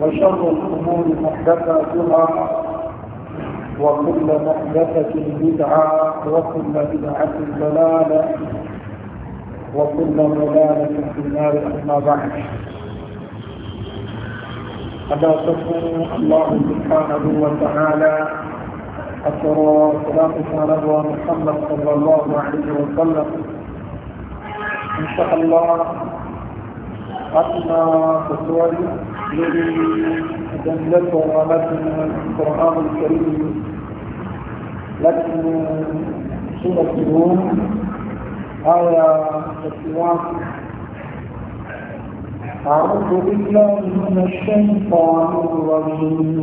وشر الأمور محدثاتها وكل محدثة بدعة وكل بدعة ضلالة وكل ضلالة في النار أما بعد ألا تكون الله سبحانه وتعالى أشر صلاتك على محمد صلى الله عليه وسلم إن شاء الله أتنا تسوالي جملته ولكن القرآن الكريم لكن سورة الروم آية 61 أعوذ بالله من الشيطان الرجيم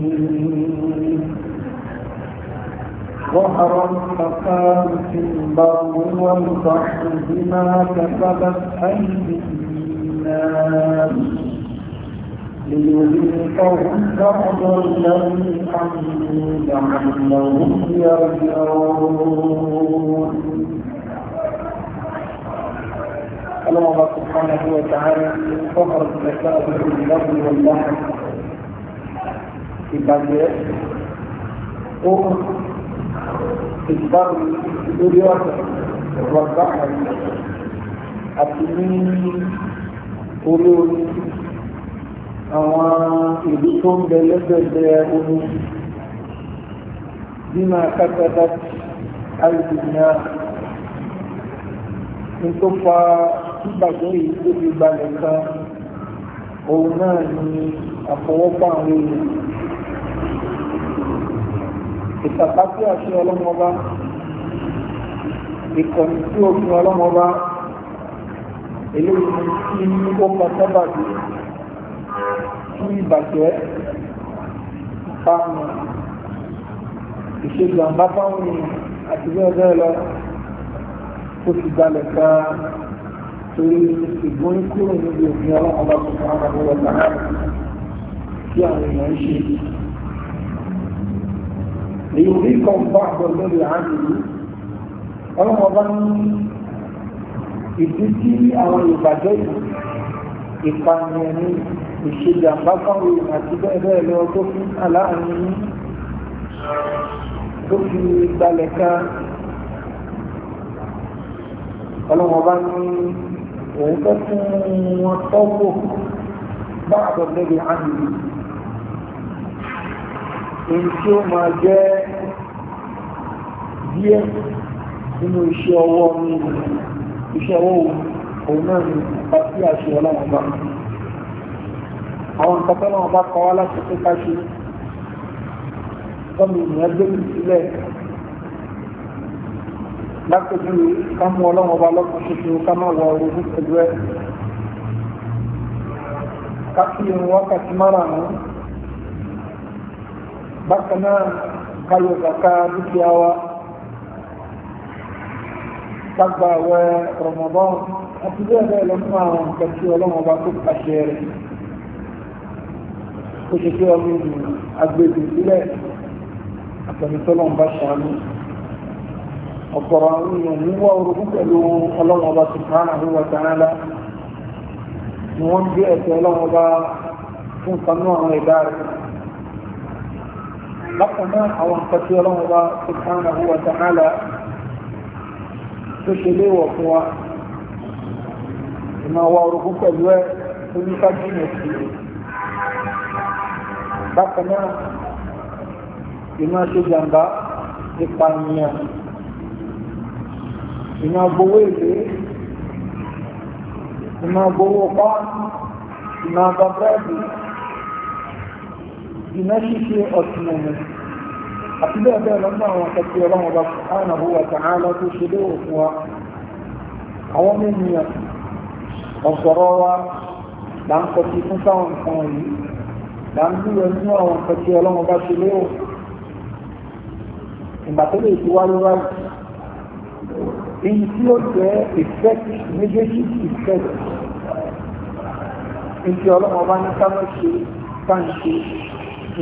ظهر الفساد في البر والبحر بما كسبت أيدي الناس ليذيقهم بعض الذي عملوا لعلهم يرجعون الله سبحانه وتعالى فخر الذكاء باللغو واللحن في بلد أخر في البر باليوم والبحر التنين قلوب àwọn ìlú tó ń bẹ lẹ́gbẹ̀ẹ́gbẹ̀ omi bí máa kákàtà àìsìnà ní tó fa ìgbàgbọ́ yìí tó fi gbalẹ̀ kan òun náà ni àfọwọ́pá àwọn èèyàn ìtàkàtì àṣẹ ọlọ́mọba ìkànnì tí òfin ọlọ́mọba eléyìí tí ó pa sábàbí kí ìbàjẹ́ báwọn ìṣèjàmbá báwọn àti bí ọjọ́ lọ tó fi balẹ̀ ká torí ìgbóni kúrò níbi òfin ọlọ́run bá tuntun àwọn ọmọ ọ̀gá tí àwọn èèyàn ń ṣe. èyí ò rí kan bá àbọ̀ lórí àádìrí ọlọ́run bá ní ìdí tí àwọn ìbàjẹ́ ìpànìyàn ní ìṣèjà pápáwò àti bẹ́ẹ̀ bẹ́ẹ̀ lọ tó fi aláàánú tó fi gbalẹ̀ kan ọlọ́wọ́n bá ní òun fẹ́ fún wọn tọ́wọ́ bá àbọ̀dẹ́gbẹ̀ àmì èyí tí ó máa jẹ́ díẹ̀ nínú iṣẹ́ ọwọ́ mi iṣẹ́ ọwọ́ òun náà ni àti àṣẹ ọlọ́wọ́n bá àwọn nǹkan tó náà bá kọ́ wá láti pé ká ṣe tọ́mì ènìyàn gbé mi sílẹ̀ lápẹ̀jú ká mú ọlọ́run ọba lọ́kàn ṣoṣo ká má wọ orogún pẹ̀lú ẹ̀ ká fi irun wákàtí márùn-ún bákan náà ká yọ kàkà dúkìá wa ká gba àwẹ̀ àti bẹ́ẹ̀ bẹ́ẹ̀ lọ́nà àwọn nǹkan tí ọlọ́run ọba tó pàṣẹ rẹ̀ kó ṣe pé ọmọ ìlú agbègbè sílẹ̀ àtẹnusọ́lọ́ ń bá ṣàánú ọ̀pọ̀rọ̀ àwọn èèyàn ní wá orogún pẹ̀lú ọlọ́run ọba subhanahu wa ta'ala ni wọ́n ń gbé ẹ̀sẹ̀ ọlọ́run ọba fún kanú àwọn ẹ̀dá rẹ̀ bákan náà àwọn nǹkan tí ọlọ́run ọba subhanahu wa ta'ala tó ṣe léwọ̀ fún wa ìmọ̀ wa orogún pẹ̀lú ẹ̀ tó ní ká bákan náà iná tó jàǹbá nípa ìyàn iná gbowó èlé iná gbowó pa iná bàbáàbì iná ṣíṣe ọ̀sìn ọ̀nà àti bẹ́ẹ̀ bẹ́ẹ̀ lọ́nà àwọn akẹ́kọ̀ọ́ ọlọ́run ọba subhanahu wa ta'ala tó ṣe lé òkun wa àwọn ènìyàn ọ̀sọ̀rọ̀ wa là ń kọtí fún sáwọn nǹkan yìí làǹdúwẹ̀ nínú àwọn nǹkan tí ọlọ́run bá ṣe léwò ìgbà tó lè ti wá lóra èyí tí ó jẹ́ effect méjèèjì effect nti ọlọ́run bá ní ká má ṣe ká ń ṣe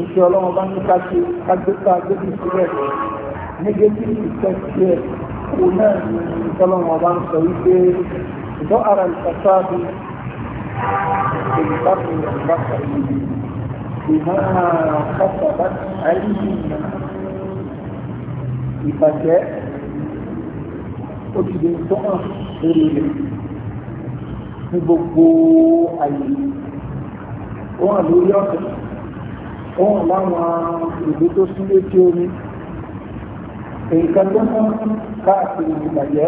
nti ọlọ́run bá ní ká ṣe ká gbé sílẹ̀ negative effect yẹ kó náà ní ìtọ́lọ́run bá ń sọ wípé ìtọ́ ara ìtàkùn èyí bá fi ìyàgbá sọ bima kasabat alayhim ìbàjẹ́ ó ti di tọ́hàn lórí rẹ̀ ní gbogbo àyè ó hàn lórí ọ̀sẹ̀ ó hàn láwọn ìlú tó súnlé tí omi èyí kan tó hàn káàkiri ìbàjẹ́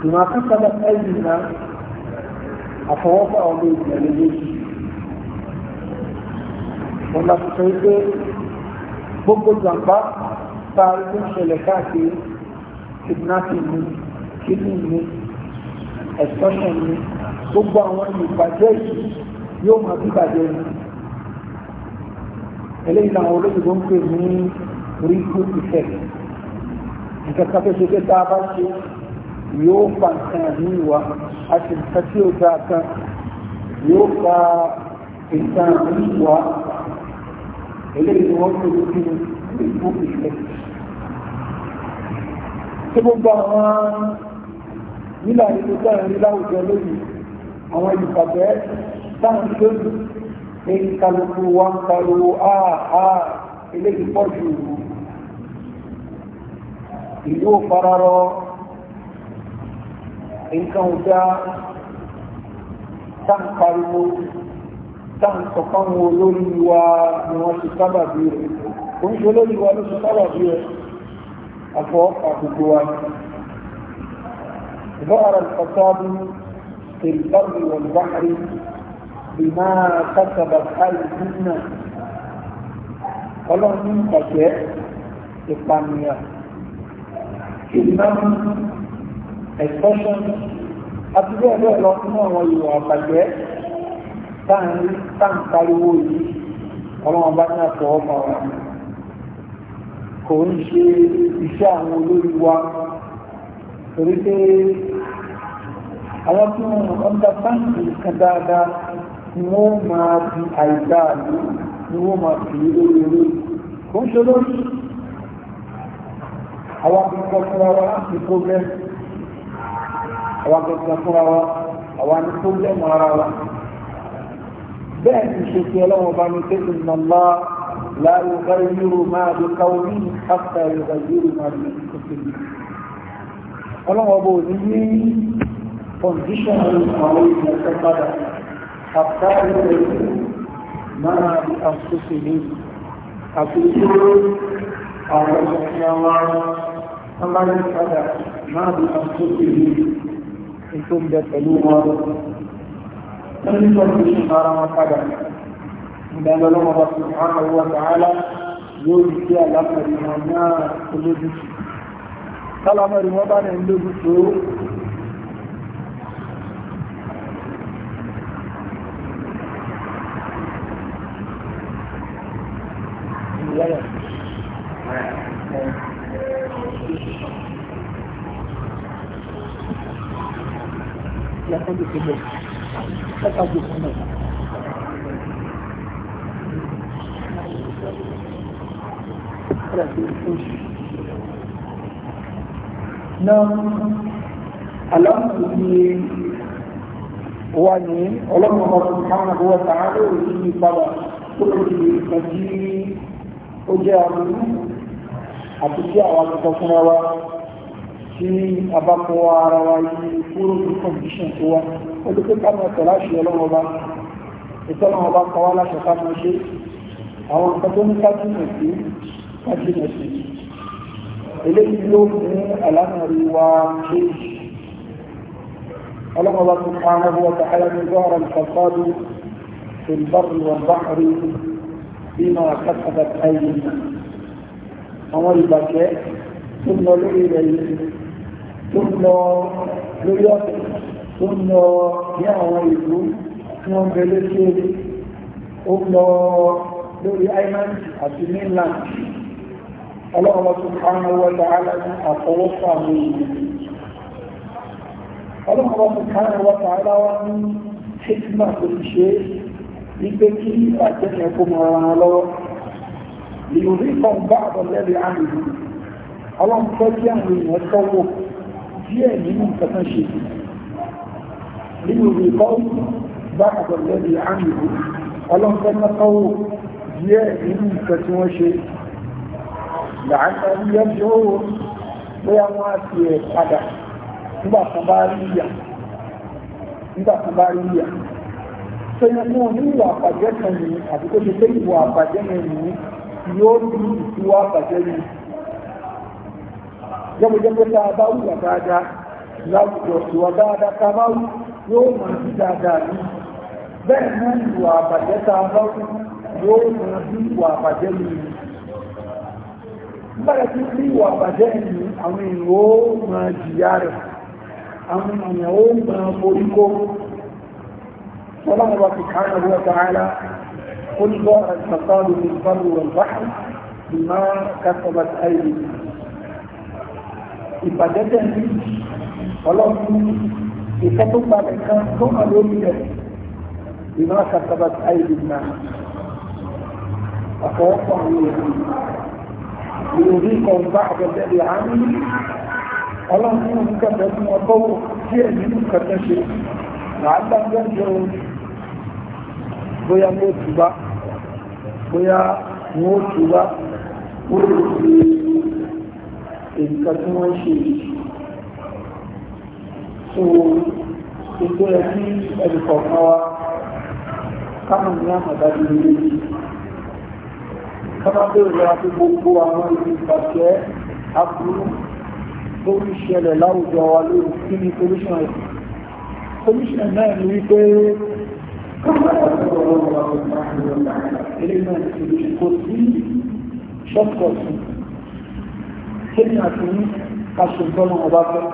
bima kasabat alayhim àfọwọ́fà ọmọ ìgbàlejò yìí wọn la fi sọ wípé gbogbo jàǹbá tá a rí tó ń ṣẹlẹ̀ káàkiri kidnapping ni killing ni extortion ni gbogbo àwọn ìbàjẹ́ yìí yóò máa bí bàjẹ́ ni eléyìí làwọn olóyìnbó ń pè ní ripple effect nǹkan kan tó ṣe pé tá a bá ṣe yóò fa nǹkan ní ìwà a nǹkan tí ó dáa kan yóò fa nǹkan ní ìwà eléyìí ni wọ́n tó kí ní ìlú ìfẹ́. tí gbogbo àwọn nílà ìlú sẹ́yìn rí láwùjọ lónìí àwọn ìbàbẹ́ sáàmì lónìí ní kálukú wa ń pariwo áà eléyìí pọ̀ ju ìlú òfararọ nǹkan ọ̀dà sáà ń pariwo táǹkọ̀ fáwọn olórí wa ni wọ́n ti sábà bí rẹ̀ o ń wa ló ti sábà bí rẹ̀ àfọ́ àkókò wa ظهر الفساد في البر والبحر بما كسبت أيدينا ọlọ́run ní ìpàjẹ́ ìpànìyàn ìnáwó expression àti bẹ́ẹ̀ bẹ́ẹ̀ lọ fún àwọn ìwà àpàjẹ́ táàrin táàrin pariwo yìí ọlọ́wọ́n bá ní àpọ̀ ọmọ wa kò ń ṣe iṣẹ́ àwọn olórí wa torí pé àwọn tí wọ́n ọ̀dà báńkì kan dáadáa ni wọ́n máa di àìdáa yìí ni wọ́n máa fi lórí lórí kò ń ṣe lórí àwọn akẹ́kọ̀ọ́ fúnra wa ní problem àwọn akẹ́kọ̀ọ́ fúnra wa àwọn ní problem ara wa bẹ́ẹ̀ ni ìṣèṣe ọlọ́wọ́n bá ní pé inna Allah la yughayyiru ma bi qawmin hatta yughayyiru ma bi anfusihim ọlọ́wọ́n bó ní ní condition àwọn ìgbésẹ̀ padà hatta yughayyiru ma bi anfusihim àti ìṣòro àwọn ìṣẹ̀lẹ̀ wọn wọ́n bá ní padà ma bi ètò ń pẹ̀lú wọn wọ́n ní sọ́ọ̀tù sí ara wọn padà ìdánilọ́wọ́ bá fi hàn owó tààlà yóò di sí àlámọ̀rí wọn náà olójú sí tálámọ̀rí wọn bá ní lójú tó Yeah náà aláàmù ní wà ní ọlọ́run ọmọdún káwọn àwọn tààrà òní ní padà tó lè fi ìkan tí ó jẹ́ àmì àti tí àwọn akẹ́kọ̀ọ́ fúnra wa tí a bá kọ ara wa yí kúrò ní condition tó wá ó lè pé ká máa tẹ̀lé àṣẹ ọlọ́run ọba ìtọ́nà ọba kọ wá láṣẹ ká máa ṣe àwọn nǹkan tó ní ká sí ká sí eléyìí ló ní àlànà rí wa ṣe ọlọ́run tó ká ara wa tààrà ní zọ́ọ̀rọ̀ ìfàfádù في البر والبحر بما كسبت أيدينا àwọn ìbàjẹ́ tó lọ lórí rẹ̀ yìí tó ń lọ lórí ọ̀sẹ̀ tó ń lọ ní àwọn ìlú tí wọ́n subhanahu wa ta'ala ní àfọwọ́fà mi ọlọ́run subhanahu wa ta'ala wá ní hikma tó ti ṣe wípé kí ìbàjẹ́ yẹn kó mọ ara lọ́wọ́ ìròyìn kan àwọn èèyàn tọ́wọ́ díẹ̀ nínú nǹkan kan ṣe nínú ìkọ́ bá àgbọ̀lẹ́bí àmì ọlọ́pẹ́ mọ́tọ́wò díẹ̀ nínú nǹkan tí wọ́n ṣe làákà ní ẹjọ́ owó bóyá wọ́n á ti ẹ̀ padà nígbà kan bá ìyà jẹ́gbẹ́jẹ́gbẹ́ tá a bá wùwà dáadáa láwùjọ ìwà dáadáa tá a bá wù yóò mọ̀ sí dáadáa ní bẹ́ẹ̀ náà ìwà àbàjẹ́ tá a bá wù yóò mọ̀ sí ìwà àbàjẹ́ ní ìlú bẹ́ẹ̀ tí ní ìwà àbàjẹ́ ní àwọn èèyàn mọ̀ jìyà rẹ̀ àwọn èèyàn ó mọ̀ oríkó ọlọ́run wa sùkánà wọ́n tààlà قل الله الفصال من البر والبحر بما كسبت أيديكم ìbàjẹ́ tẹ̀ ní ọlọ́run ìfẹ́ tó gba nìkan tó hàn lórí rẹ̀ ìná kàtàbà àìlè náà ọ̀pọ̀lọpọ̀ àwọn èèyàn ìròrí kan bá àgbẹ̀dẹ̀ àánú ọlọ́run ní ìkẹ̀kẹ́ fún ọkọ̀ díẹ̀ nínú kẹ̀kẹ́ ṣe làálàá ń gbẹ́jọ́ bóyá ní òtúbá bóyá ní òtúbá wọ́n nǹkan tí wọ́n ṣe so ètò ẹbí ẹnì kọ̀ọ̀kan wa káwọn ní àmàdájú ilé yìí káwọn bẹ̀rẹ̀ lọ́wọ́ pé gbogbo àwọn ibi ìbàjẹ́ aburú tó ń ṣẹlẹ̀ láwùjọ wa lórí kí ni solution ẹ̀ solution náà ní wípé ilé náà ti kò sí ṣọ́pọ̀ sí kéèyàn àti ní kaṣù tọ́lọ́ ọba fẹ́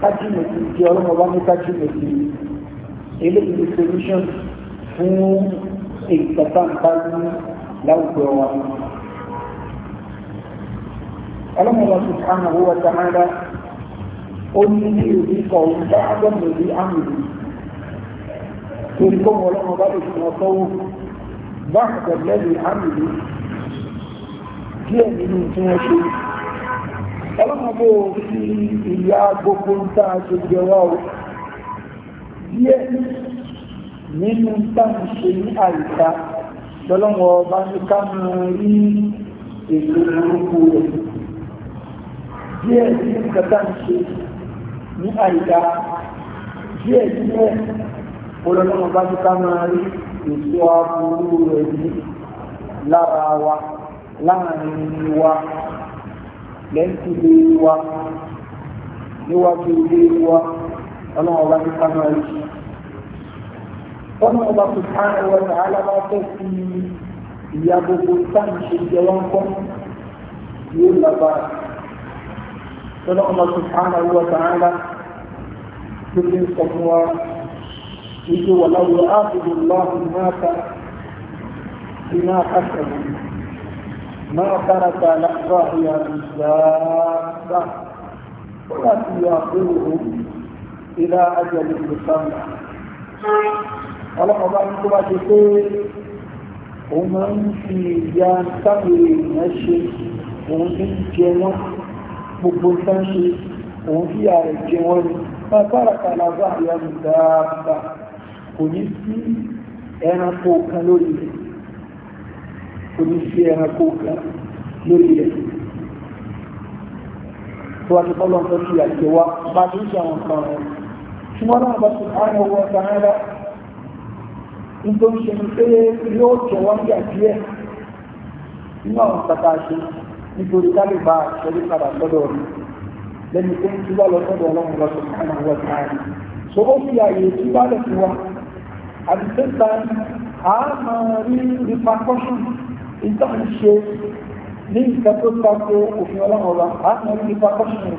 kájínà sí ti ọlọ́mọ ọba ní kájínà sí eléyìí solution fún ìgbàta nǹkan ní láwùjọ wa. ọlọ́mọ ọba subhanahu wa ta'ala ó ní ní ìrírí kọ̀ọ̀hún bá agbọ́nà ìrírí àmì torí kọ́ ọlọ́mọ ọba lè fi wọn sọ́wọ́ bá àgbẹ̀lẹ́rì àmì díẹ̀ nínú tí wọ́n ṣe ọlọ́mọbó fi ìyá gbogbo ń tá a ṣe jẹwọ́ o díẹ̀ nínú táwọn ṣe ní àyíká lọ́lọ́wọ́ bá ní ká mọ rí ètò orúkú rẹ̀ díẹ̀ nínú kẹta ń ṣe ní àyíká díẹ̀ díẹ̀ olọ́lọ́wọ́ bá ní ká mọ rí ètò aburú rẹ̀ ní lára wa láàrin wa lẹ́ǹtì lè wa níwájú ilé wa ọlọ́run ọba ti ká máa rí i. ọlọ́run ọba ti ká ẹwà ní alábàáfẹ́ sí ìyá gbogbo táyì ṣe jẹ wọn kọ́ yóò lágbára. ọlọ́run ọba ti ká ẹwà ní alábàáfẹ́ كل صفوة يجي ولو يؤاخذ الله الناس بما كسبوا ما ترك لحظها بالدابة والتي يأخذهم إلى أجل مسمى ọlọ́pàá bá ní tó bá ti pé o máa ń fi ìyá táwọn èèyàn ṣe òun tí gbogbo tán ṣe òun tí ààrẹ jẹ wọ́n ni máa bára kàlàbà ìyá dáadáa kò ní sí ẹranko kan lórí rẹ̀ kò ní sí ẹranko kan lórí rẹ̀ tó wá ní bọ́lọ̀ tó ti àjẹ wa bá ní ìjà wọn kan rẹ̀ ṣùgbọ́n náà bá ti àárẹ̀ wọ sàárà nítorí ṣe ní pé yóò jẹ wọn bí àdíẹ̀ nínú àwọn kàkà ṣe nítorí kálí bá àṣẹrí padà sọ́dọ̀ rẹ̀ lẹ́nu tó ń túbọ̀ lọ sọ́dọ̀ ọlọ́run lọ sọ̀rọ̀ àwọn ọ̀wọ́ sàárà so ó fi àyè túbọ̀ lẹ̀ fún wa àti sẹ́ta a máa rí repercussions ìtàn ń ṣe ní ìfẹ́ tó tako òfin ọlọ́run ọba àmọ́ ní ipa kọ́ṣùn rẹ̀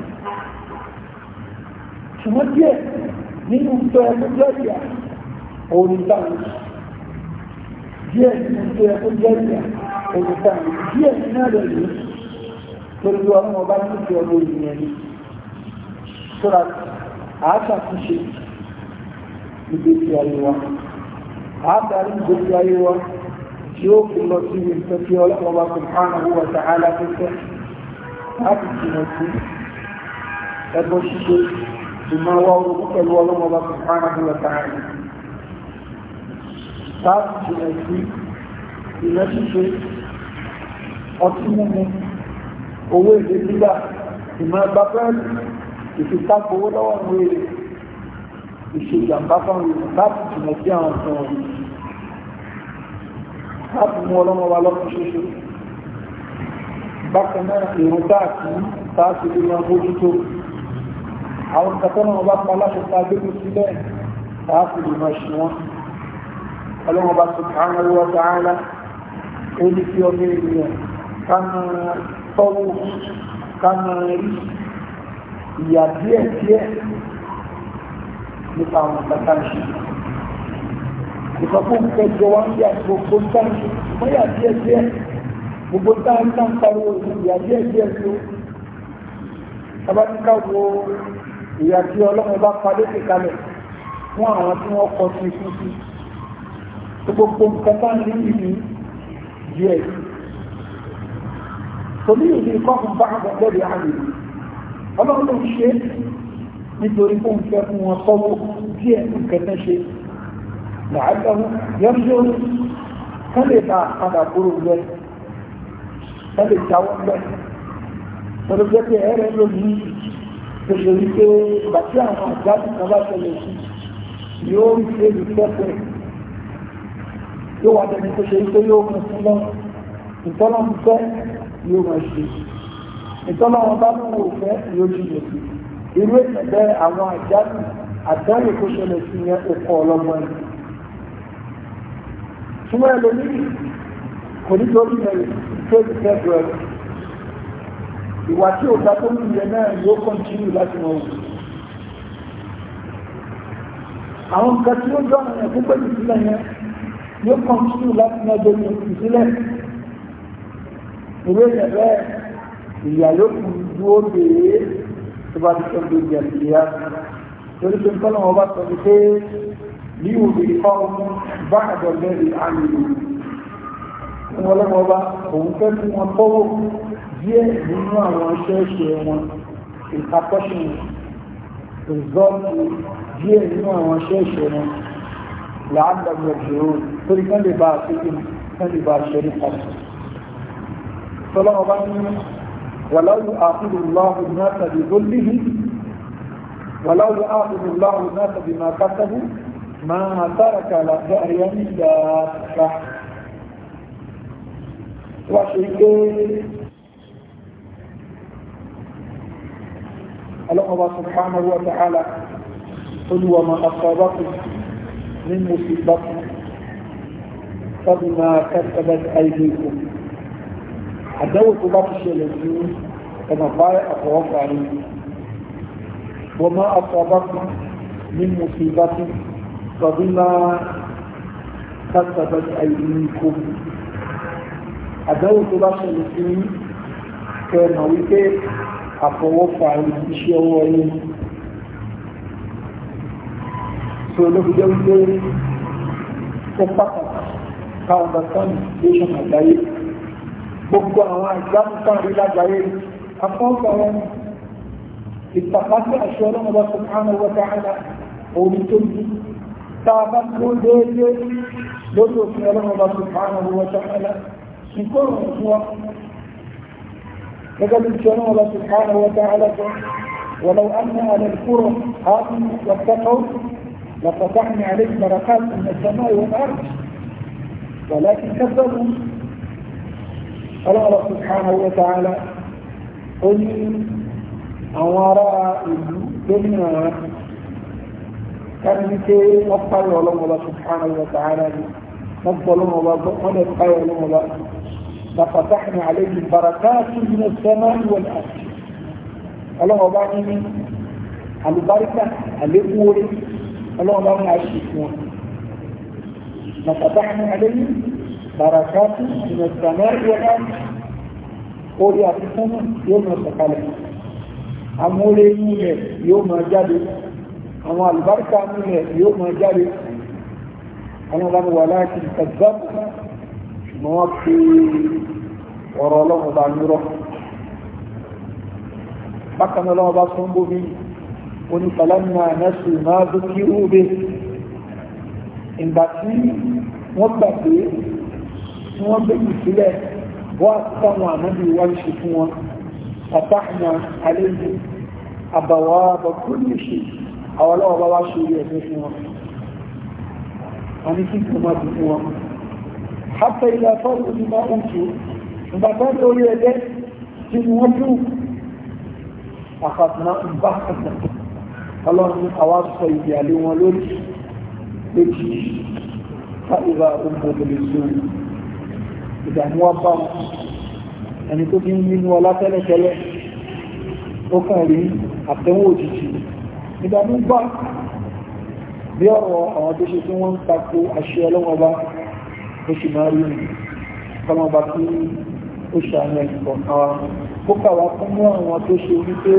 ṣùgbọ́n díẹ̀ nínú tó ẹ tó jẹ́ ìyà òrìntàn díẹ̀ nínú tó ẹ tó jẹ́ ìyà òrìntàn díẹ̀ nínú rẹ̀ yìí torí pé ọlọ́run ọba ní ìfẹ́ ọmọ ìyẹn ni sọ́ra àátàkùnṣe ìgbésí ayé wa àátàrí ìgbésí ayé wa tí ó fi lọ sí nǹkan tí ọlọ́pàá subhanahu wa ta'ala tó fẹ́ láti jìnà sí ẹgbọ́ ṣíṣe ìmọ̀ wa orogún pẹ̀lú ọlọ́pàá subhanahu wa ta'ala láti jìnà sí ilẹ̀ ṣíṣe ọtí mímu owó èdè àwọn ọ̀sán ọ̀rọ̀ láti mú ọlọ́mọ wa lọ́kàn ṣoṣo bákan náà èrò káàkiri táàkì lè máa mójútó àwọn kàtọ́nà ọba pa aláṣẹ ta gbégbé sílẹ̀ táàkì lè máa ṣe wọn ọlọ́mọ bá ti kà án lọ́wọ́ dáhàlá ó ní kí ọmọ ènìyàn ká máa tọ́wọ́ ká máa rí ìyà díẹ̀ díẹ̀ nípa àwọn kàtà ìṣẹ̀lẹ̀ ìfọ̀kúnkẹ́ jọ wá ń bí àgbòkó táǹkì mọ́yà díẹ̀ díẹ̀ gbogbo táǹkà ń pariwo ìyà díẹ̀ díẹ̀ tó abáníká wo ìyà tí ọlọ́run bá padé sí kalẹ̀ fún àwọn tí wọ́n kọ sí ikú sí gbogbo nǹkan bá ní ìlú díẹ̀ torí ìlú kọ́kùn bá àgbọ̀gbọ́ di àmì ọlọ́run ló ń ṣe nítorí fún ìfẹ́ fún wọn sọ́wọ́ díẹ̀ nǹkan tán ṣe làágbọ́n yọ́njọ́ kán lè bá padà kúrò lẹ kán lè jáwọ́ lẹ pẹ̀lú pé pé ẹ̀rẹ́ lónìí tó ṣe rí pé ìgbà tí àwọn àjáde kan bá ṣẹlẹ̀ sí yóò rí pé ní pẹ́pẹ́ yóò wà dẹni tó ṣe rí pé yóò mú fún lọ́wọ́ ìtọ́nà ń fẹ́ yóò máa ṣe ìtọ́nà wọn bá lóun ò fẹ́ yóò jìnnà sí irú ìtẹ̀bẹ́ àwọn àjáde àjáde tó ṣẹlẹ̀ sí yẹn ó kọ́ ọlọ́gbọ́n yìí fún ẹlòmíì kò ní torí mẹ́rin fẹ́ẹ̀sì fẹ́ẹ̀sì rẹ̀ ìwà tí òta tó ń yẹ náà yóò kọ́ntínú láti mọ̀ wù àwọn nǹkan tí ó jọ àwọn ẹ̀kú pẹ̀lú ìsílẹ̀ yẹn yóò kọ́ntínú láti mọ̀ dorí ìsílẹ̀ ìwé yẹn bẹ́ẹ̀ ìyà yóò kù dúró dèé tó bá ti sọ gbogbo ìyà torí pé nǹkan náà wọ́n bá sọ pé ليذيقهم بعد الذي عملوا ولم ọba òun fẹ́ fún wọn tọ́wọ́ díẹ̀ nínú àwọn ṣẹ́ẹ̀ṣẹ́ wọn ìtàkọ́ṣìn ìzọ́ọ̀tù díẹ̀ nínú àwọn ṣẹ́ẹ̀ṣẹ́ wọn làádọ́gbọ̀ jùlọ torí kán lè bá àṣíkì kán lè bá ṣẹ́rí kan tọ́lọ́mọba ní wàláwù àkúrò láwù náà tàbí lólìhì wàláwù ما ترك لظهر دابة وشيء الله سبحانه وتعالى قل وما أصابكم من مصيبة فبما كسبت أيديكم عدوة بطش الذين كما قال أخوات عليه وما أصابكم من مصيبة فبما كسبت أيديكم àdáwò tó bá ṣẹlẹ̀ sí kẹrìnà wípé àfọwọ́fà iṣẹ́ ọwọ́ yìí tó olóbìdẹ́ wípé ó pàtàkì káwọn bàtán ìgbésàn àgbáyé gbogbo àwọn àgbáǹkan rí lágbàáyé àfọwọ́fà wọn ìtàkásí àṣọ ọlọ́mọba tó kánà wọ́tá àlà orí tó bí tààbá tó déédé lórí òfin ọlọ́mọba سبحانه وتعالى owó كل nǹkan ọ̀rọ̀ fún wa ولو أن على القرى آمنوا واتقوا لفتحنا عليهم بركات من السماء والأرض ولكن كذبوا قال الله سبحانه وتعالى قل أمر إلو kárí wípé wọ́n páyọ̀ ọlọ́mọba subhanahu wa ta'ala ni wọ́n gbọ́ ọlọ́mọba gbọ́ wọ́n lè páyọ̀ ọlọ́mọba lafatahna alayhim barakatun min as-samai wal ard ọlọ́mọba ní àlùbáríkà àlékún orí ọlọ́mọba ní àṣì fún wọn lafatahna alayhim barakatun min as-samai wal ard orí àti sẹ́mà yóò máa sọ̀kalẹ̀ àmúlé inú rẹ̀ àwọn àlùbáríkà nílẹ̀ yóò máa jáde àwọn ọlọ́run wà láti ìtàgbà ṣùgbọ́n wọ́n fi ọ̀rọ̀ ọlọ́run bá nírọ̀ bákan náà ọlọ́run bá sọ ń bómi onífàlánà nẹ́sù máa dúkí rúbe ìgbà tí wọ́n gbà pé tí wọ́n gbé ìsílẹ̀ wọ́n á sáwọn ànábì wá ń ṣe fún wọn pàtàkì àlejò àbàwà àbàkúrò ní ṣe àwọn ọlọ́wọ́ bá wá ṣe orí ẹ̀fẹ́ fún wọn wọn ní kí kò má ti fún wọn hapẹ́ ilẹ̀ fọ́ọ̀lù ní bá ń tu ìgbà tó ń torí ẹgbẹ́ tí wọ́n dùn àfàtúná ń bá kàtà ọlọ́run àwa sọ ìdí àlé wọn lórí lójú fáìlà òǹbòbòlè sóòrò ìdààmú ọba ẹni tó fi ń nínú ọlá tẹ́lẹ̀tẹ́lẹ̀ ó kàn rí àtẹ̀wò òjijì ìdàmú gbà bí ọ̀rọ̀ àwọn tó ṣe tí wọ́n ń tako àṣẹ ọlọ́wọ́ba ó sì máa rí nù kọ́mọba kí ó ṣàánú ẹ̀kọ́ àwọn kó kàwá fún mú àwọn tó ṣe wípé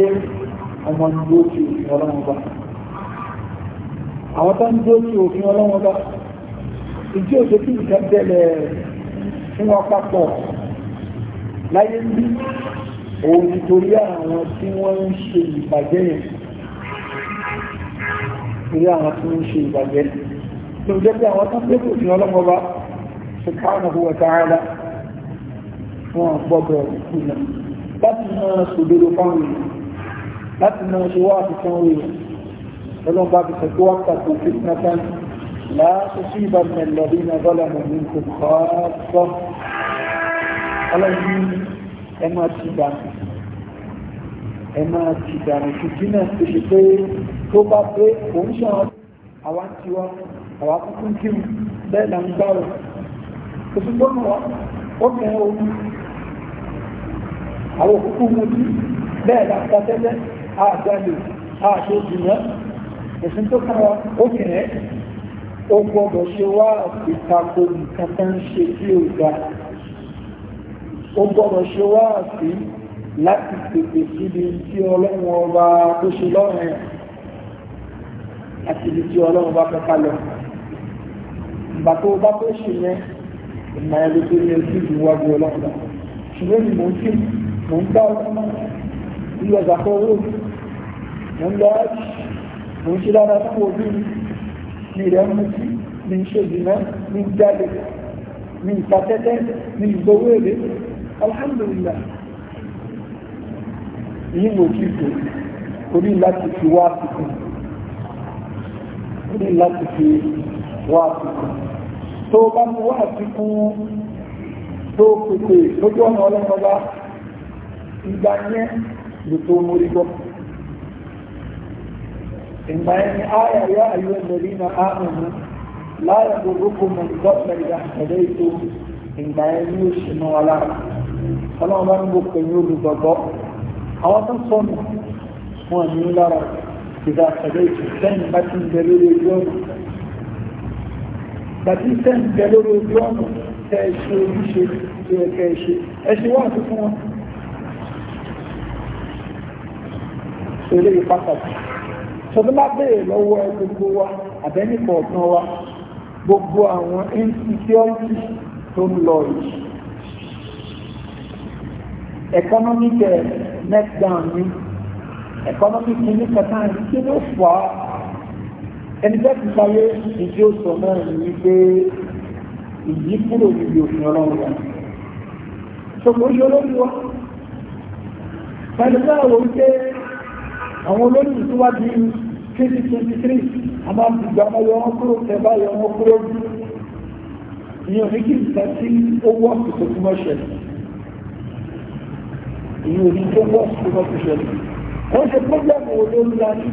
ọmọ dúró ti òfin ọlọ́wọ́ba àwọn tó ń dúró ti òfin ọlọ́wọ́ba ìdí òṣè kí nǹkan bẹ̀rẹ̀ fún wọn láyé ń òun nítorí àwọn tí wọ́n ń ṣe ìbàjẹ́ yẹn ìrí àwọn tí ń ṣe ìbàjẹ́ tó jẹ́ pé àwọn tán pépò ní ọlọ́mọba subhanahu wa ta'ala wọn gbọ́dọ̀ ìkùnà láti máa sòdòdó fáwọn èèyàn láti máa ṣe wá àfikún èèyàn ọlọ́mọba ti bàmọ̀ ẹ máa ti dànù sí jìnnà tó ṣe pé tó bá pé òun ṣàn àwa ń tiwa àwa kúkú ń kírun bẹ́ẹ̀ là ń gbà rẹ̀ kò sí gbọ́nà wa ó bẹ̀rẹ̀ omi àwọn òkúkú mu bí bẹ́ẹ̀ là ń ta tẹ́lẹ̀ àjálù àṣẹ jìnnà ẹ̀sìn tó kàn wá ó bẹ̀rẹ̀ ó gbọ́dọ̀ ṣe wá ìtako nǹkan tó ń ṣe tí ó ga ó gbọ́dọ̀ ṣe wá sí láti pèpè síbi tí ọlọ́run ọba tó ṣe lọ́rùn ẹ̀ àti ibi tí ọlọ́run bá fẹ́ ká lọ. ìgbà tó bá tó ṣe yẹn ìmọ̀ ẹ̀rọ tó ní ojú ìlú wájú ọlọ́run lọ. ṣùgbọ́n mi ń kí mò ń gbá ọdún náà ilé ọjà kan owó mi ń lọ ájì mò ń ṣe dáadáa fún òbí mi mi rẹ̀ mú sí mi ṣe ìdìmọ́ mi jáde mi ń ta tẹ́tẹ́ èlé alhamdulilayi yìí mo kí tó orí láti fi wá àsìkò orí láti fi wá àsìkò tó bá mú wá àsìkò tó pèpè lójú ọ̀nà ọlọ́mọba ìgbà yẹn ló tó mórí gbọ́. إما يعني آية يا أيها الذين آمنوا لا يضركم من ضل إذا اهتديتم إما يشن ولا فلما من بكم يرضى àwọn tó sọnù wọn ní lára ìdá àtẹ̀lé ìtẹ́yìn bá ti ń bẹ lórí ojú ọ̀nà bàtí ìtẹ́yìn bẹ lórí ojú ọ̀nà tẹ́ ẹ ṣe ojúṣe tó yẹ kẹ́ ẹ ṣe ẹ ṣe wá àti fún wọn. eléyìí pàtàkì sọdún bá béèrè lọ́wọ́ ẹ economic meltdown ni economic kìíní kàtà ní kí ló fà á ẹni bẹ́ẹ̀ ti sáré ìdí òsò náà ní wípé ìyí kúrò níbi òfin ọlọ́run wa ṣòkò yí olórí wa pẹ̀lú náà wò wípé àwọn olórí ìtúwájú 2023 a máa ń gbà ọmọ yọ wọn kúrò tẹ̀bá yọ wọn kúrò ní oníkìlì tàbí owó ọ̀sùn tó túnmọ̀ ṣẹlẹ̀ èyí ò ní tó pọ̀ tó bá ti ṣẹlẹ̀ wọ́n ṣe pọ́blẹ́mù olórí láti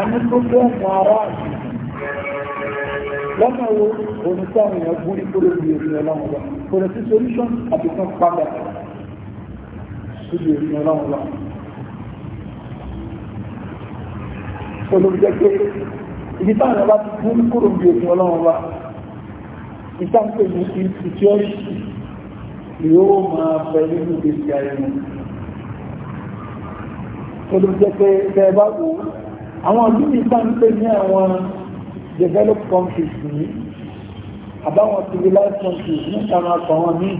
àmì pọ́blẹ́mù ara àti lọ́nà wo oníṣẹ́ àwọn èèyàn gúrí kúrò ní ènìyàn láwọn lọ kò lè sí solution àti kan padà síbi ènìyàn láwọn lọ. olórí jẹ́ pé ibi táwọn ọba ti gúrí kúrò ní ènìyàn láwọn lọ ìtàǹpẹ̀ ní ìtìtì ọ̀ṣì ni ó máa bẹ nínú ìgbésí ayé wọn olùjẹ́ pé bẹ́ẹ̀ bá wò ó àwọn ọdún yìí bá ń pè ní àwọn developed countries yìí àbáwọn civilized countries ní ìtàn àtàwọn míì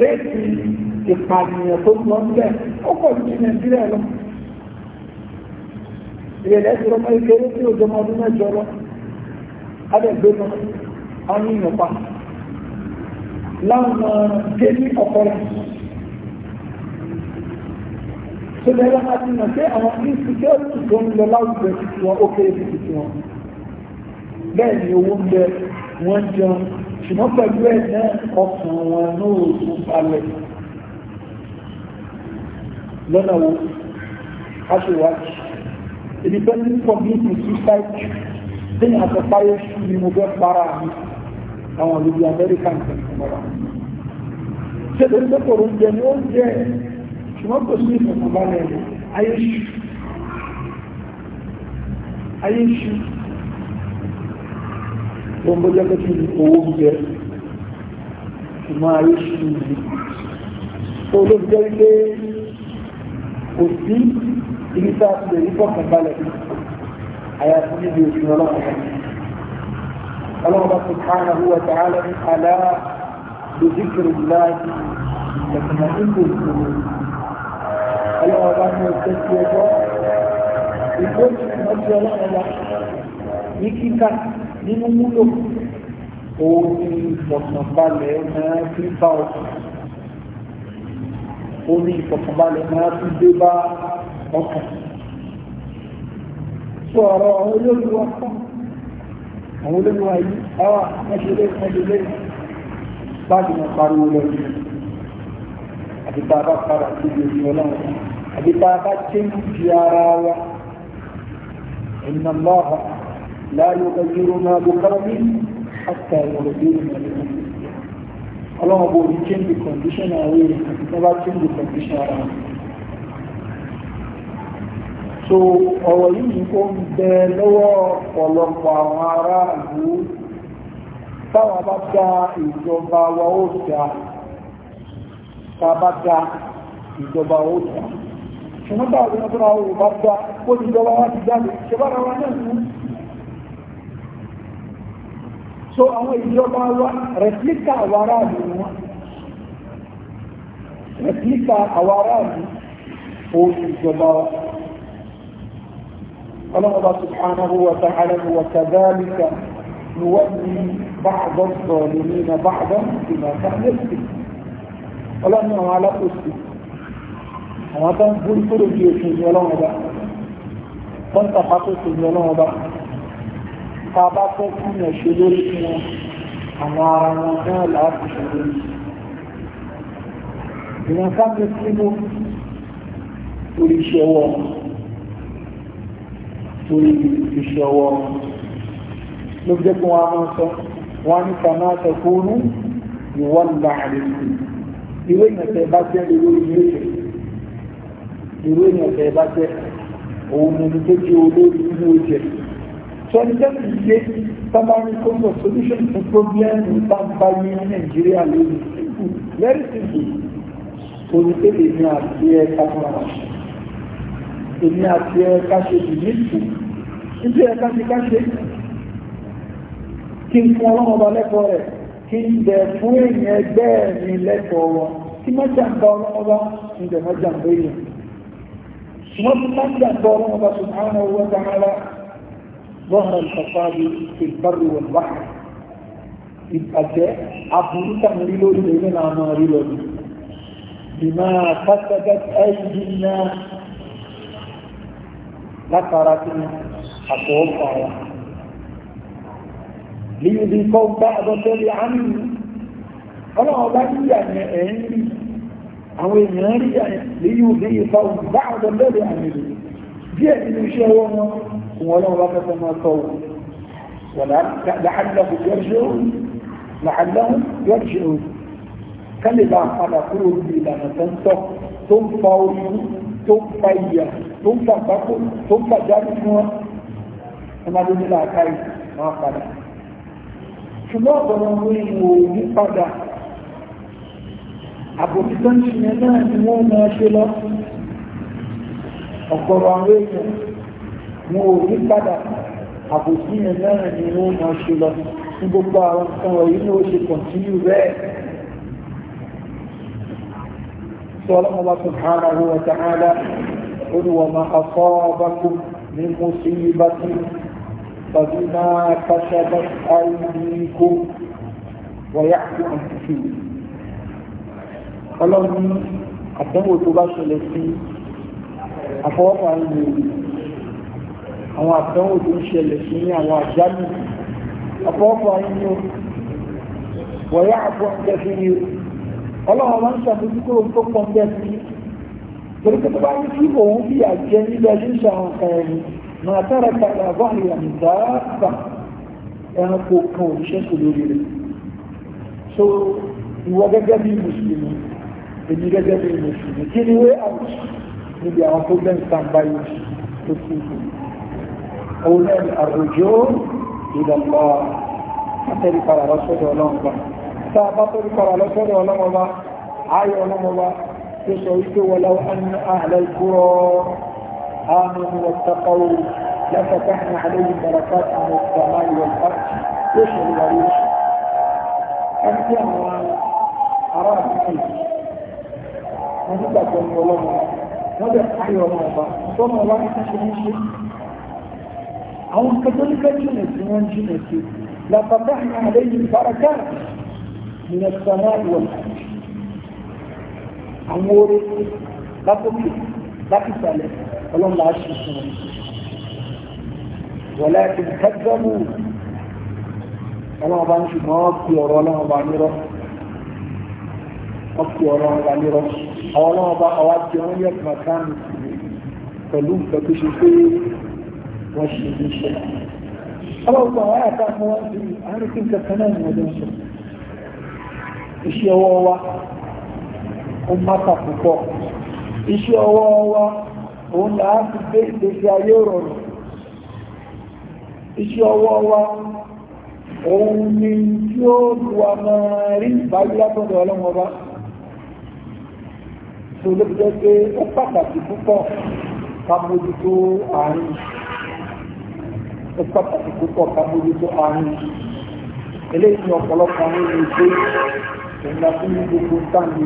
réèkì ìpànìyàn tó lọ bẹ́ẹ̀ ó pọ̀ ní nàìjíríà lọ ìrẹ̀lẹ̀ ti rọ́pọ̀ ìkéré tí ó jọmọ ọdún mẹ́jọ lọ adẹ̀gbẹ́nu àwọn èèyàn pa láwọn kéde ọ̀pọ̀lọpọ̀ tó lẹ́yìn láti mọ̀ pé àwọn insecurity tó ń lọ láwùjọ ti tiwọn ó kéré sí ti tiwọn bẹ́ẹ̀ ni owó ń bẹ wọ́n jẹun ṣùgbọ́n pẹ̀lú ẹ̀ náà ọkàn wọn náà ò tún balẹ̀ lọ́nà wo aṣèwádìí ibi tó ní kọ́míìtì suicide ní àtọ̀páyé ṣù ni mo fẹ́ para mi àwọn olùdí amẹ́ríkà ń tẹ̀sán mọ́ra ṣé lórí pé kòrò ń jẹ ní ṣùgbọ́n kò sí ìfọ̀kànbalẹ̀ rẹ̀ ayé ṣù ayé ṣù tó ń bójá pẹ́kí owó jẹ ṣùgbọ́n ayé ṣù yìí tó ló jẹ́ wípé kò sí ibi tá a ti lè rí fọ̀kànbalẹ̀ àyàfi níbi òfin ọlọ́pàá ọlọ́pàá subhanahu wa ta'ala ní àlá بذكر الله تطمئن القلوب ọlọ́wọ́ bá ní ọjọ́ sí ẹjọ́ ìgbó ìrántí ní kíkà nínú múlò òun ni ìfọ̀kànbalẹ̀ máa fi bá ọkàn òun ni ìfọ̀kànbalẹ̀ máa fi dé bá ọkàn sọ ọ̀rọ̀ àwọn olóòlùwà kan àwọn olóòlùwà yìí àwọn mẹ́ṣẹ̀lẹ́ mẹ́ṣẹ̀lẹ́ báyìí wọn pariwo lọ sí àti tá bá padà sí ibi ìṣẹ́ ọlọ́run àbí tá a bá ké ń di ara wa inna Allaha la yugayyiru ma bi qawmin hatta yugayyiru ma bi anfusihim ọlọ́run bò ní change the condition àwọn èèyàn àti tí wọ́n bá change the condition ara wọn. so ọ̀rọ̀ yìí ó ń bẹ lọ́wọ́ ọ̀pọ̀lọpọ̀ àwọn aráàlú táwọn bá dá ìjọba wa ó dá tá a ṣùgbọ́n bá àwọn ọmọdé àwọn òbá gba ó ti jọba wá ti jáde ṣe bá ra wa náà mú so àwọn ìjọba wa rẹ̀píkà àwọn aráàlú wọn rẹ̀píkà àwọn aráàlú òun ìjọba wa ọlọ́mọba subhanahu wa ta'ala wa kadhalika نولي بعض الظالمين بعضا بما كان يكسب ولم يعلقوا السجن àwọn tó ń búrú kúrò bí òfin ìjọ ọlọ́run ọba tó ń tàpá tó sì ìjọ ọlọ́run ọba tá a bá fẹ́ kí ni ẹ̀ṣẹ̀ lórí fún wọn àwọn ara wọn náà láti ṣe lórí. ìwọ̀n sáfẹ́ sínú torí iṣẹ́ wọ torí iṣẹ́ wọ ló jẹ́ kí wọ́n á máa sọ wọ́n á ní kàmáà tẹ̀kúrú ìwọ́n láàrin ìwé ìrìnàṣẹ́ bá jẹ́ ìwé ìrìnàṣẹ́ irú èèyàn tẹ́ bá jẹ́ òun ẹni tó jẹ́ olórí nínú oúnjẹ twenty ten ìgbé tamari kóńgò solution to problem ìtàgbà ní nàìjíríà lórí very simple olùkéde ní àti ẹ̀ka fúnra èmi àti ẹ̀ka ṣe ìmísù níbi ẹ̀ka ti ká ṣe kí n fún ọlọ́mọba lẹ́kọ̀ọ́ rẹ̀ kí n bẹ̀ fún èèyàn ẹgbẹ́ mi lẹ́kọ̀ọ́ wọn kí má jàǹbá ọlọ́mọba ń bẹ̀ má jàǹbá èèyàn ṣùgbọ́n tí wọ́n gbàgbọ́ ọlọ́run ọba subhanahu wa ta'ala ظهر الفساد في البر والبحر ìbàjẹ́ aburú tàbí lórí ilé náà máa rí lọ bímá kásábẹ́ ẹ́yìndì náà látara tí àtọ́ọ̀fà wa líyìí kọ́ bá àdọ́tẹ́lẹ̀ àmì ọlọ́run ọba yíyà ní ẹ̀yìn rí àwọn èèyàn rí léyìn òde ìfà bá ọ̀dọ̀ lẹ́rẹ̀ àmì ìlú díẹ̀ nínú iṣẹ́ ọwọ́ wọn wọn lọ́wọ́ bá fẹ́ máa tọ́ wọn làálàbù yọ́rṣẹ́ òun kálẹ̀ bá padà kúrò ní ìlànà tó ń tọ́ tó ń fa orí tó ń fa ìyà tó ń fa pákó tó ń fa jáde fún wọn ọmọdé nílà àkáyì wọn padà ṣùgbọ́n ọ̀pọ̀lọpọ̀ ìwò ní padà àbòkítọ́ ìṣẹ̀lẹ̀ náà ni wọ́n máa ṣe lọ ọ̀gọ̀rọ̀ àwọn èèyàn wọn ò ní padà àbòkí yẹn náà ni wọ́n máa ṣe lọ ní gbogbo àwọn nǹkan wọ̀nyí ni ó ṣe kọ̀ntínú bẹ́ẹ̀ tí ọlọ́mọba subhanahu wa ta'ala ó ní wọ́n máa asaabakum ní musibati fabima kasabat aydikum wa ya'fu an kathir ọlọ́run ní àtẹ́wò tó bá ṣẹlẹ̀ sí àfọwọ́fà ń lè rí àwọn àtẹ́wò tó ń ṣẹlẹ̀ sí ní àwọn àjálù àfọwọ́fà ń lò wọ̀yá àpọ̀ ń tẹ́sí ní ọlọ́run máa ń ṣàbójúkò tó pọ̀ ń tẹ́sí torí pé tó bá ní kí òun fi àjẹ nílẹ̀ ní ìṣàwọn kan ẹni máa tẹ́rẹ̀ padà bọ́ àyè dáàbà ẹranko kan òṣìṣẹ́ sọ lórí rẹ̀ so ìwọ gẹ́gẹ́ bí mùsùlùmí èmi gẹ́gẹ́ bí mùsùlùmí kí ni way out níbi àwọn problem tàǹbà yìí tó kú òun náà ni àròjò ìdàgbà látẹ̀rí padà lọ́sọ́dọ̀ ọlọ́run bá tá a bá tẹ̀rí padà lọ́sọ́dọ̀ ọlọ́run bá ayọ̀ ọlọ́run bá tó sọ wípé wọlé ọ̀hún àhàlẹ́ ìkúrọ̀ آمنوا واتقوا لفتحنا عليهم بركات من السماء والأرض يشهد الوريش أنت أراد فيه onígbàgbọ́ ní ọlọ́mọ wọ́n bẹ̀ ayọ̀ ọmọ ọba tọ́mọ wa ní ṣe ń ṣe. àwọn kẹtọ́líkà jìnà sí wọ́n jìnà sí làbàbà àlẹ́yìn bàràkà nìyẹn sọ̀rọ̀ ìwọ̀n. àwọn orí lápòkè lápìsàlẹ̀ ọlọ́mọ àṣì fún wọn. wọ́lá ti kẹ́gbẹ́mù ọlọ́mọba ń ṣùgbọ́n ọ̀pì ọ̀rọ̀ ọlọ́mọba nírọ̀ ọ̀pì ọ̀rọ̀ ọlọ́mọba nírọ̀ ṣì àwọn ọlọ́wọ́ bá ọwá jẹ wọ́n yẹ kankan pẹ̀lú nǹkan tó ṣe pé wọ́n ṣe ní iṣẹ́ ọlọ́wọ́ àwọn àyàká fún wọn sí àárín kankan náà ní ọjọ́ sọ iṣẹ́ ọwọ́ wa ó mátà púpọ̀ iṣẹ́ ọwọ́ wa òun là á fi gbé ìgbésí ayé rọrùn iṣẹ́ ọwọ́ wa òun ni tí lu àmọ́ rí ìbáyé látọ̀dọ̀ ọlọ́wọ́ bá tó ló jẹ́ pé ó pàtàkì púpọ̀ ká mójútó àárín ó pàtàkì púpọ̀ ká mójútó àárín eléyìí ni ọ̀pọ̀lọpọ̀ àwọn ènìyàn pé ìgbà fún ní gbogbo sáàmì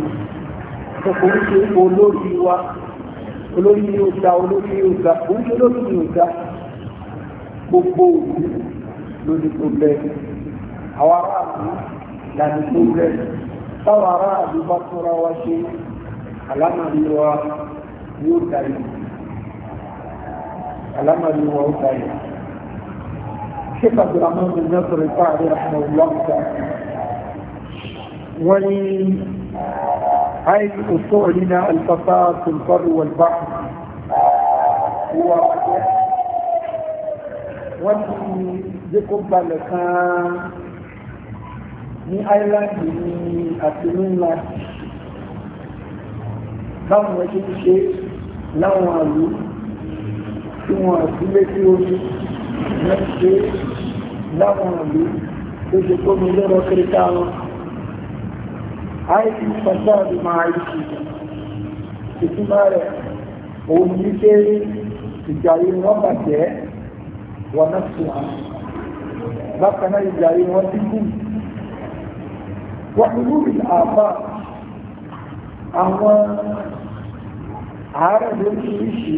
kòkò ń ṣe olórí wa olórí ní ọjà olórí ní ọjà kò olórí ní ọjà gbogbo òkú lórí tó bẹ àwọn aráàlú làní tó bẹ táwọn aráàlú bá túnra wa ṣe àlámàrí wa yóò dáyé àlámàrí wa ó dáyé ṣé pàtàkì àmọ́ mi náà sọ̀rọ̀ ipá àrẹ àmọ́ ìlọ́pùtà wọ́n ní عين أصولنا الفساد في البر والبحر هو wọ́n ti jẹ́ kó balẹ̀ kan ní áìláńdì ní àtìlúńlá báwọn ẹjú ti ṣe láwọn àlú tí wọ́n àdílé tí ó ní mẹ́ṣe láwọn àlú tó ṣe tó mi lọ́rọ̀ kíríkà wọn àìsí pàtàkì máa ìsì ìtumọ̀ rẹ̀ òun ní pé ìjà yìí wọ́n bàjẹ́ wọ́n náà sùn bákan náà ìjà yìí wọ́n dínkù wọ́n ní lórí àbá àwọn àárẹ̀ lóríṣiríṣi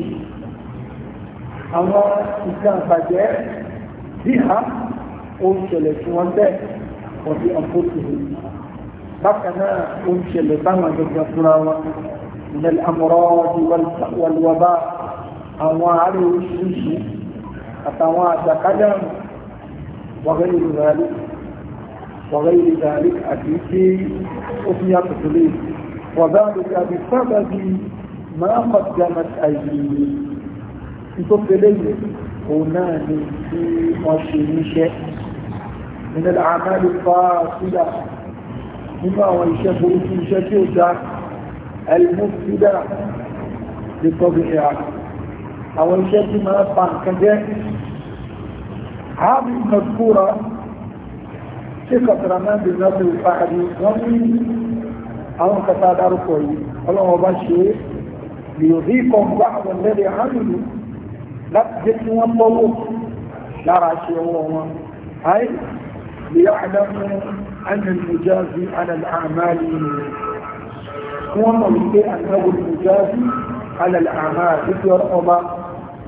àwọn nǹkan àbàjẹ́ bíhá ó ń ṣẹlẹ̀ tí wọ́n bẹ́ẹ̀ ọ̀bí ọ̀pọ̀tòrò bákan náà ó ń ṣẹlẹ̀ báwọn gbogbo fúnra wọn ìyẹn àmọ̀rọ̀ wàlúwàbá àwọn àárẹ̀ oríṣiríṣi àtàwọn àjàkálẹ̀ wàgẹ́lì máa kọjá àyè ìtòkèlè yìí òun náà ni tí wọ́n ṣe níṣẹ́ nínú àmàlù fa sídà nínú àwọn iṣẹ́ burúkú iṣẹ́ tí ó dá ẹlmú sídà lè tọ́bi ìhà àwọn iṣẹ́ tí máa pa nǹkan jẹ́ ààbí mẹ́kúra tí kọ̀tàrà náà bí náà bí fàárí wọ́n ní àwọn kàtà dárúkọ yìí ọlọ́wọ́ bá ṣe é lèyòrí kan bá àwọn lẹ́rẹ̀ àmìlú láti jẹ́ kí wọ́n tọ́wọ́ lára ṣe ọwọ́ wọn àì lè àdámú anìlújáàzí alàlàmàlì wọ́n mọ̀ wípé anìlújáàzí alàlàmàlì tí ọ̀rọ̀ ọba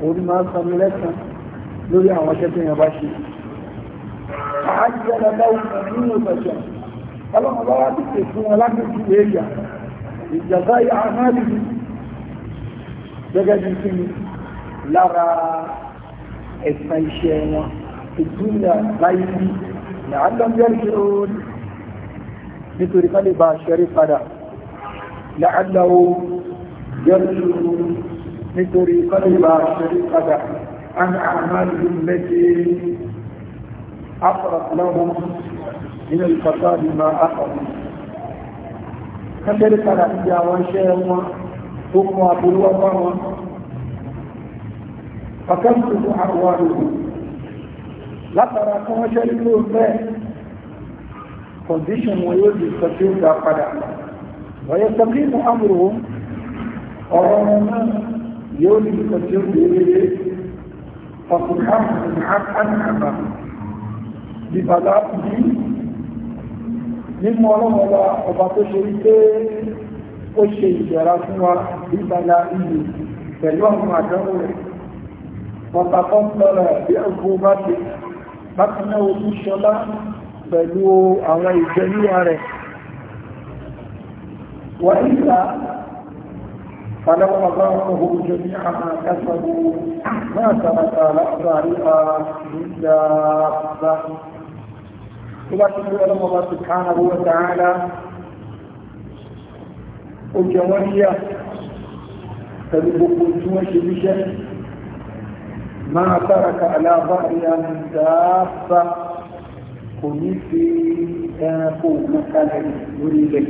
orí máa sọmí lẹ́sàn lórí àwọn tẹ́tẹ́ yẹn bá ṣe àájẹ́ lọ́wọ́ nínú ìbẹ̀jẹ̀ ọlọ́run bá wá ti pè fún wọn láti fi èèyàn ìjàzá ìhàmàlì gẹ́gẹ́ bí kí ni lára ẹ̀sán iṣẹ́ wọn ìdúnyà láyé bí ní àdọ́gbẹ́rì ṣe ó nítorí ká lè bá ṣẹ́rí padà láàdáwó yẹ́rù nítorí ká lè bá ṣẹ́rí padà an àmàlù lẹ́tẹ́ afọ̀rọ̀láwọ̀ nínú ìfàtà ìmọ̀ padà ìjà wọn ṣẹ́ wọn tó mú aburú wá bá wọn pàkàtù tó àwọn àrùn látara kí wọ́n ṣe nílò bẹ́ẹ̀ condition wọn yóò di sọ tí ó ga padà wọ́n yẹ sọ́kí mú amúrò ọ̀rọ̀ wọn náà yóò di sọ tí ó gbèrè ọkùnrin àkànà àbá bí bàbá kùdí nínú ọlọ́mọba ọba tó ṣe wípé ó ṣe ìjọra fún wa bíbala ìlú pẹ̀lú àwọn àdánwò rẹ̀ pàtàkọ́ lọ́rọ̀ bí ọgbọ́ bá ti bákan náà ojú ṣọlá pẹ̀lú àwọn ìjẹníwà rẹ̀ wà nígbà فلو أضاعه جميع ما كسبوا ما ترك لأضاعها من دابة. الله سبحانه وتعالى ó jẹ wọ́n níyà pẹ̀lú gbogbo tí wọ́n ṣe níṣẹ́ máa táraka aláàbá ìyanu dáàbá kò ní fi ẹranko kankalẹ̀ lórí ilẹ̀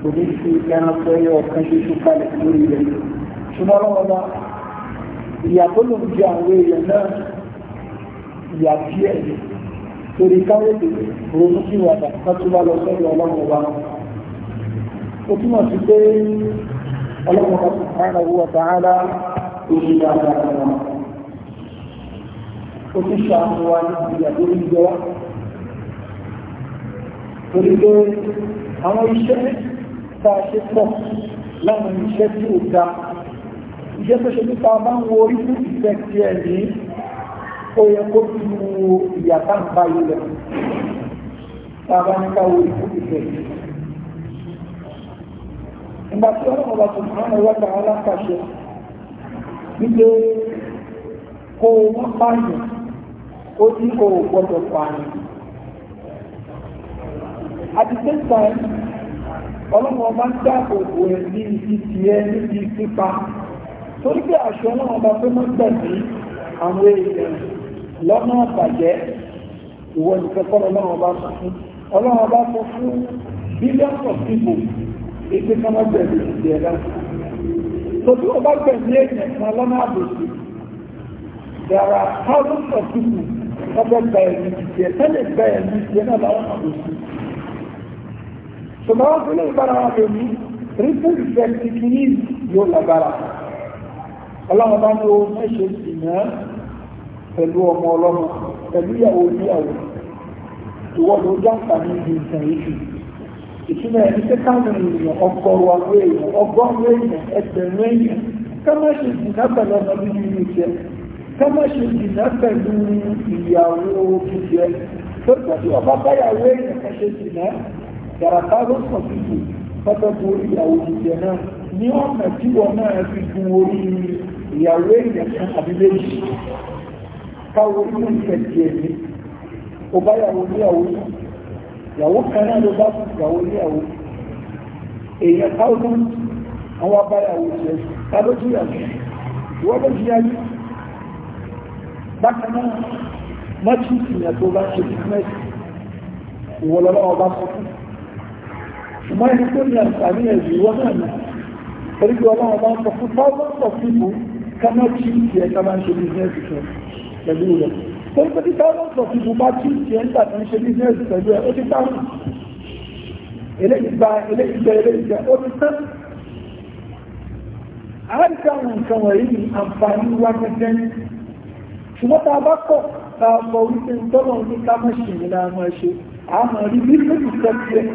kò ní fi ẹranko ẹyọ kan ṣoṣo kalẹ̀ lórí ilẹ̀ ṣùgbọ́n lọ́wọ́ bá ìyà tó ló ń jẹ àwọn èèyàn náà ìyà díẹ̀ torí káwé ronú kí wàdà ká tó bá lọ sọ́dọ̀ ọlọ́run ọba wọn ó túmọ̀ sí pé ọlọ́run ọba subhanahu wa ta'ala tó ṣe dáadáa wọn ó ti ṣàánú wa níbi ìyàtọ̀ ìjọ torí pé àwọn iṣẹ́ tá a ṣe pọ̀ láwọn iṣẹ́ tí ó ga iṣẹ́ tó ṣe nípa bá ń wo orí fún ìfẹ́ tí ẹ̀ ní ó yẹ kó tu ìyàtọ̀ ń bá yìí lọ tá a bá ń ká orí fún ìfẹ́ yìí ìgbà tí ọlọ́run ọba tó máa ń wọ́n gbà alákàṣẹ wípé kó wọ́n pààyàn ó ní kò gbọ́dọ̀ pààyàn. At the same time, ọlọ́run ọba ń dáàbò bò ẹ̀ ní ibi tiẹ̀ níbi pípa torí pé àṣọ ọlọ́run ọba pé wọ́n gbẹ̀mí àwọn èèyàn lọ́nà àbàjẹ́ ìwọ nìkan kọ́ ọlọ́run sọ fún ọlọ́run ọba sọ fún billions of people ìpé kọ́mọ́ gbẹ̀mí ìdí ẹ̀dá so tí wọ́n bá gbẹ̀mí èèyàn kan lọ́nà àbòsí there are thousands of people lọ́gbẹ́ gba ẹ̀mí ìdí ẹ̀ tẹ́lẹ̀ gba ẹ̀mí ìdí ẹ̀ náà lọ́wọ́ àbòsí ṣùgbọ́n wọ́n fi lè gbára wọn lómi ripple effect kìíní yóò lágbára ọlọ́run bá ní ohun mẹ́ṣe ìná ìtumọ̀ ẹni pé káwọn èèyàn ọgọ́rùn àwọn èèyàn ọgọ́rùn èèyàn ẹgbẹ̀rún èèyàn ká má ṣe dìnnà pẹ̀lú ọmọ bíbí inú jẹ ká má ṣe dìnnà pẹ̀lú ìyàwó jíjẹ tó tẹ́tí ọba báyàwó èèyàn kan ṣe dìnnà yàrá ló sàn fífi fọ́tọ́ bu ìyàwó jíjẹ náà ní ọ̀nà tí wọn náà fi gun orí ìyàwó èèyàn kan àbí méjì káwọn orí ìfẹ̀ tiẹ̀ ní ọba yàwó níyàwó náà ìyàwó kan náà ló bá fún ìyàwó níyàwó èèyàn thousand àwọn abáyàwó jẹ ta ló jí yàwó ìwọ́n ló jí yàwó bákan náà mọ́tì ìyàn tó bá ṣe business ìwọ lọ́wọ́ ọba fún fún ṣùgbọ́n ẹni tó ní àǹfààní ẹ̀jù ìwọ náà nà torí pé ọlọ́wọ́ sọ fún thousands of people cannot cheat yẹ ká máa ń ṣe business ìṣẹ́ pẹ̀lú rẹ̀ torí pé títà lọ́sọ̀ tí mo bá tí ìṣẹ́ ń tàbí ṣe business pẹ̀lú ẹ̀ ó ti tán eléyìí gba eléyìí jẹ eléyìí jẹ ó ti tán àáríkà àwọn nǹkan wọ̀nyí ni àǹfààní wa gẹ́gẹ́ ní ṣùgbọ́n tá a bá kọ̀ tá a mọ wípé tọ́lọ̀ ní ká mọ̀ ṣe ní láàmú ẹṣe àmọ́ rí bí ó ti tẹ́ tiẹ̀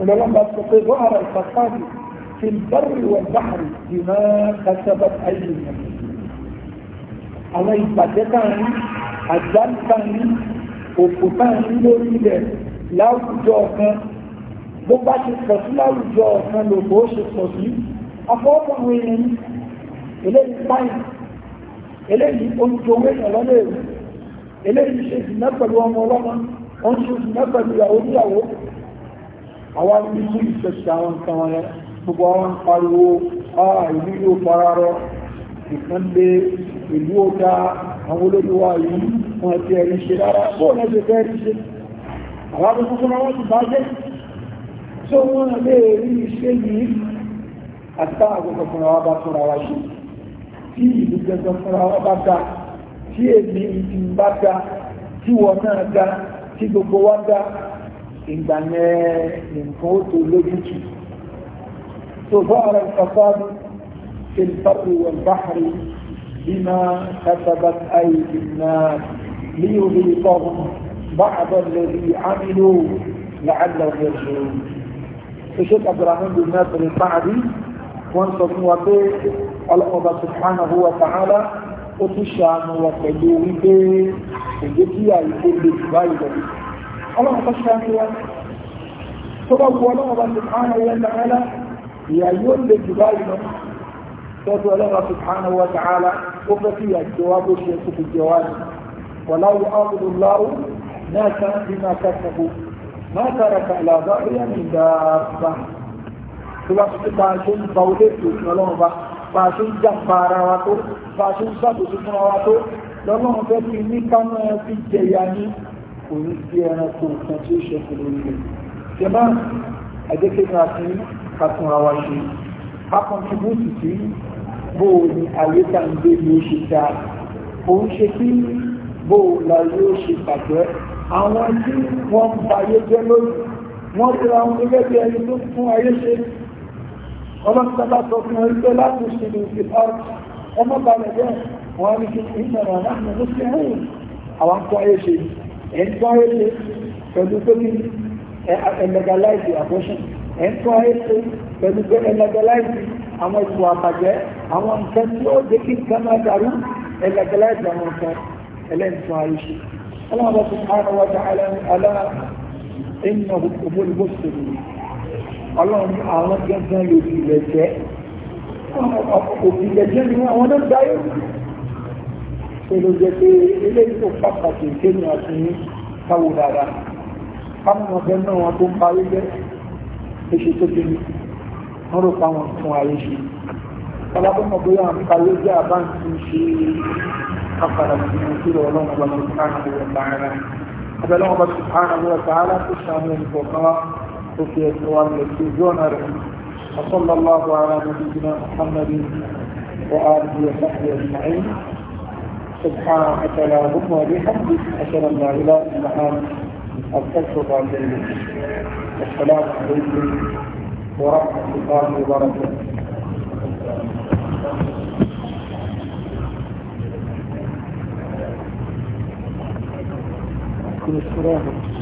ọlọ́lọ́mọ sọ pé bọ́ ara ìfàkàdì fi bẹ́rù wọ̀ báàrù ìmọ̀ kàtàbà ayé ìyàwó àwọn ìpàdé táàrin àjálù táàrin òkú táàrin lórí ilẹ̀ láwùjọ kan bó bá ti pọ̀ sí láwùjọ kan lòbó ṣe pọ̀ sí afọ́pọ̀wé yẹn eléyìí páyìn eléyìí oúnjẹ èèyàn lọ́nà èrò eléyìí ṣe ìdìnnà pẹ̀lú ọmọ ọlọ́mọ ó ń ṣe ìdìnnà pẹ̀lú ìyàwó níyàwó àwọn arúgbó ìṣẹ̀ṣẹ̀ àwọn nǹkan wọn yẹn gbogbo àwọn pariwo àà ah, ìlú yóò fara rọ ìkan lé ìlú ọ̀dá àwọn olóyíwá yìí fún ẹ̀tí ẹ̀rí ṣe rárá bóòlù ẹ̀ṣẹ̀ fẹ́ rí ṣe àwọn akẹ́kọ̀ọ́ fún wọn ti bá jẹ́ tó wọ́n lè rí iṣẹ́ yìí àtà àgbẹ̀kọ̀ fúnra wa bá fúnra wa ṣe tí ìlú gẹ́gẹ́ fúnra wa bá dá gbogbo wa dá ìgbà yẹn ó tó lójútù tó bá ara ìfàfáàdù في البر والبحر بما كسبت ايدي الناس ليذيقهم بعض الذي عملوا لعلهم يرجعون الشيخ عبد الرحمن بن ناصر السعدي وانصر الله سبحانه وتعالى وتشان وتدوك وجدي اي كل بايد الله تشان هو سبحانه وتعالى يا يوم بايد tọ́jú ọlọ́run subhanahu wa ta'ala ó fẹ́ kí ìyàjọ wa bó ṣe kò fi jẹ wá ní wàláwù áwùdùláwù náà ká bí máa kẹ́kọ̀ọ́ máa kára ka ìlàbá rí àmì ìdáàbà tó bá ti bá a ṣe ń ba olé ètò ìṣìn ọlọ́run bá bá a ṣe ń jà pa ara wa tó bá a ṣe ń ṣàkóso fún wa tó lọ́lọ́run fẹ́ fi ní kánú ẹ fi jẹyà ní kò ní sí ẹranko kan tí ó ṣẹ̀kù lórí rẹ̀ jẹ́ máa ẹ̀jẹ̀ kékeré àti kàtúnra wa ṣe ká kọntribútì sí bóòlù àyíká ń gbé ní oṣù tá ó ń ṣe kí bóòlù ayé ó ṣe bàjẹ́ àwọn tí wọ́n ń ba ayé jẹ́ lórí wọ́n ti ra wọn gẹ́gẹ́ bí ẹni tó fún ayé ṣe ọlọ́pàá bá sọ fún ẹgbẹ́ láti ṣe ní ìfẹ́ ọ́ọ̀tì ọmọ balẹ̀ bẹ́ẹ̀ wọ́n á ní kí ìmọ̀ràn láti mú sí ẹ̀yìn àwọn tó ayé ṣe ẹ̀ń tó ayé ṣe pẹ̀lú pé ní ẹ̀lẹ́gàláìsì àbọ̀ṣẹ̀ ẹ̀ń tó ayé ṣe pẹ̀lú ẹlẹgẹláìsì àwọn ètò àbàjẹ́ àwọn nǹkan tí ó dé kí nǹkan máa dàrú ẹlẹgẹláìsì àwọn nǹkan ẹlẹ́nìtàn àìṣe ọlọ́run bá ti pààrọ̀ wájà alá ẹ̀yìn òbó ìbò sèlú ọlọ́run àwọn gẹ́gẹ́ lòdì ilẹ̀ jẹ́ òbí ilẹ̀ jẹ́ ni àwọn náà dáyé pẹ̀lú jẹ́ pé ilé ìfò pàtàkì kéèyàn àti ní káwò dáadáa káwọn ọ̀gẹ́ náà wọn tó ń parí jẹ́ èṣù tó kéèyàn ọ̀rọ̀ rò pa wọn fún ayé ṣe ọba tó mọ̀ bóyá àwọn ló jẹ́ àbáǹtì ṣe àpàdà sí nàìjíríà ọlọ́run ọba tó kàn án wọ̀ tààrà abẹ́lẹ́ ọba tó kàn án wọ̀ tààrà tó ṣàmì ẹnìkọ̀ọ̀kan tó fi ẹ̀sìn wa lẹ̀ sí ojú ọ̀nà rẹ̀ وصلى أشهد أن لا إله إلا أنت أستغفرك وأتوب إليك السلام عليكم ورحمة الله وبركاته كل السلام